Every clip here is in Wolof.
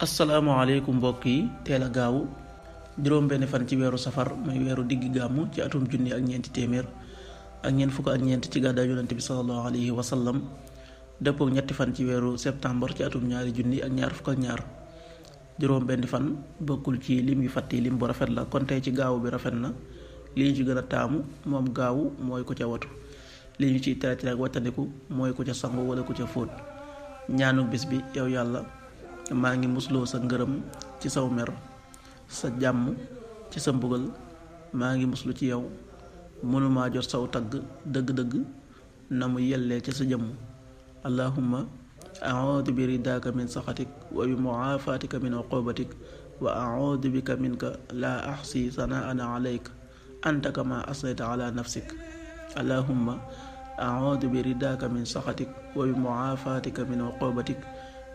asalaamaaleykum mbokk yi teel a gaawu juróom benn fan ci weeru safar mooy weeru digg gàmm ci atum junni ak ñeenti téeméer ak ñeent fukk ak ñeent ci gàddaay yonante bi sallallahu alayhi wa sallam dëppook ñetti fan ci weeru septembre ci atum ñaari junni ak ñaar fukk ak ñaar juróom benn fan bokkul ci lim yu fàtte lim bu rafet la kon tey ci gaaw bi rafet na li ñu ci a taamu moom gaawu mooy ku ca watu li ñu ciy tere tere ak wattandiku mooy ku ca sangu wala ku ca fóot bis bi yow yàlla maa ngi musloo sa ngërëm ci saw mer sa jàmm ci sa mbugal maa ngi muslu ci yow mënuma jot saw tagg dëgg-dëgg na mu yellee ci sa jëmm allahumma audu bi ridaaka min saxatik wa bi muaafaatika min uqubatik wa audu bika minka laa axsi sanaana alayk anta kama asnayta ala nafsik allahumma audu bi ridaaka min saxatik wa bi muaafaatika min uqubatik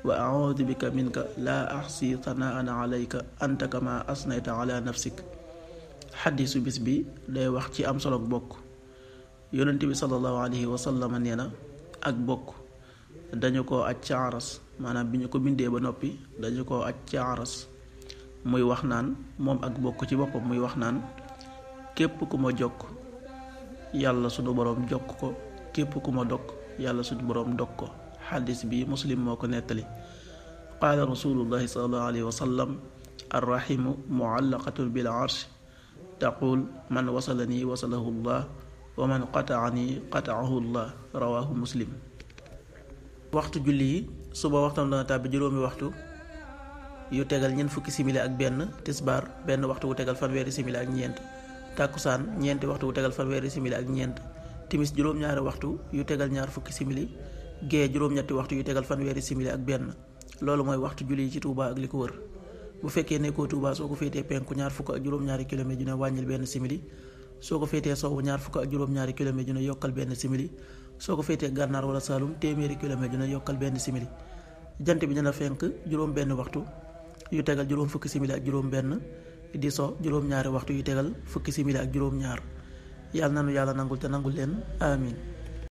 wa audu bika minka la axsi sanaan alayka anta asnayta ala nafsik xaddisu bis bi day wax ci am solo bokk yonent bi sallallahu alayhi wa sallam nee na ak bokk dañu ko aj ca aras maanaam bi ñu ko bindee ba noppi dañu ko aj ca aras muy wax naan moom ak bokk ci boppam muy wax naan képp ku ma jokk yàlla sunu boroom jokk ko képp ku ma dog yàlla sunu boroom dog ko xadis bi muslim moo ko nettali qaala rasulullahi salallahu alayhi wa sallam arrahimu muallaqatun bil arsh taqul man wasalani wasalahu llah wa man qataani qataahu llah muslim waxtu julli yi suba waxtam dana tàbbi juróomi waxtu yu tegal ñeent fukki simili ak benn tisbaar benn waxtu wu tegal fanweeri simili ak ñeent tàkkusaan ñeenti waxtu wu tegal fanweeri simili ak ñeent timis juróom-ñaari waxtu yu tegal ñaar fukki simili gee juróom-ñetti waxtu yu tegal fanweeri simili ak benn loolu mooy waxtu julli ci Touba ak li ko wër bu fekkee nekkoo Touba soo ko feetee penku ñaar fukk ak juróom-ñaari kilomètre ju ne wàññil benn soo ko féetee sowwu ñaar fukk ak juróom-ñaari kilomètre ju ne yokkal benn simili soo ko féetee gànnaar wala Saalum téeméeri kilomètre ju ne benn simili jant bi dina fenk juróom benn waxtu yu tegal juróom fukki simili ak juróom benn di so juróom-ñaari waxtu yu tegal fukki simili ak juróom-ñaar yàlla nu yàlla nangul te nangul leen amin